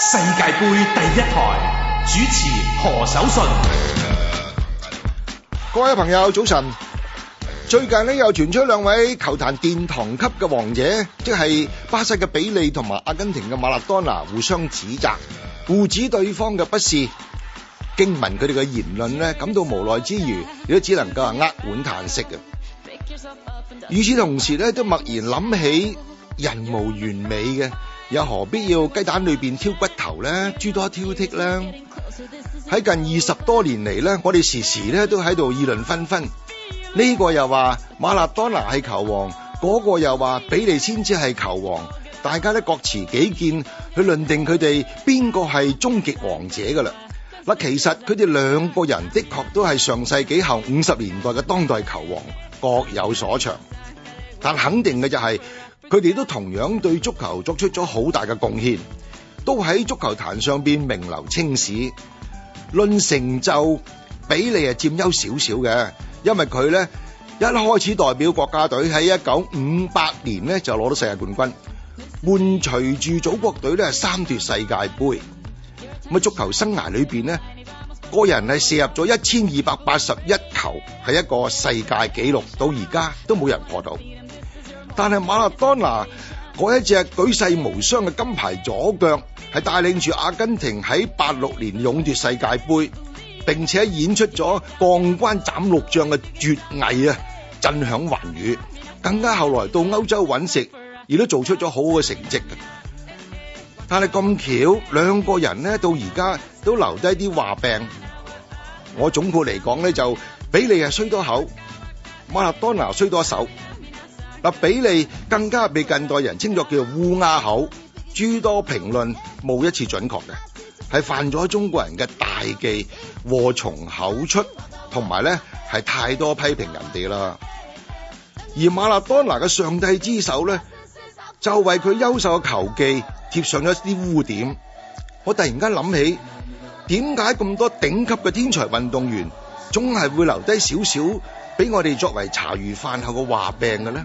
世界盃第一台主持何守信，各位朋友早晨。最近又傳出兩位球壇殿堂級嘅王者，即係巴西嘅比利同埋阿根廷嘅馬拉多拿互相指責，互指對方嘅不是，驚聞佢哋嘅言論感到無奈之餘，亦都只能夠係扼腕嘆息嘅。與此同時咧，都默然諗起。人無完美嘅，又何必要鷄蛋裏邊挑骨頭咧？諸多挑剔啦！喺近二十多年嚟咧，我哋時時咧都喺度議論紛紛。呢、這個又話馬拉多拿係球王，嗰、那個又話比利先至係球王。大家咧各持己見去論定佢哋邊個係終極王者噶啦。嗱，其實佢哋兩個人的確都係上世紀後五十年代嘅當代球王，各有所長。但肯定嘅就係、是。佢哋都同樣對足球作出咗好大嘅貢獻，都喺足球壇上邊名流青史。論成就，比利係佔優少少嘅，因為佢咧一開始代表國家隊喺一九五八年咧就攞到世界冠軍，伴隨住祖國隊咧三奪世界盃。咁啊，足球生涯裏邊咧，個人係射入咗一千二百八十一球，係一個世界紀錄，到而家都冇人破到。但係馬勒當拿嗰一隻舉世無雙嘅金牌左腳，係帶領住阿根廷喺八六年勇奪世界杯，並且演出咗降關斬六將嘅絕藝啊！震響寰宇，更加後來到歐洲揾食，亦都做出咗好好嘅成績嘅。但係咁巧，兩個人呢到而家都留低啲話病。我總括嚟講呢，就比利係衰多口，馬勒當拿衰多手。嗱，比利更加被近代人稱作叫烏鴉口，諸多評論冇一次準確嘅，係犯咗中國人嘅大忌，禍從口出，同埋咧係太多批評人哋啦。而馬拉多拿嘅上帝之手咧，就為佢優秀嘅球技貼上咗一啲污點。我突然間諗起，點解咁多頂級嘅天才運動員，總係會留低少少俾我哋作為茶餘飯後嘅話柄嘅咧？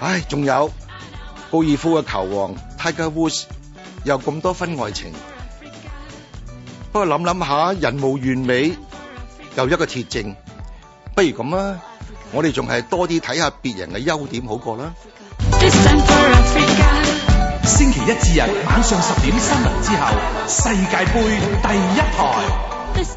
唉，仲有高爾夫嘅球王泰格伍 s 又咁多分外情，不過諗諗下人無完美，又一個鐵證，不如咁啦，我哋仲係多啲睇下別人嘅優點好過啦。This for Africa, 星期一至日晚上十點新聞之後，世界盃第一台。This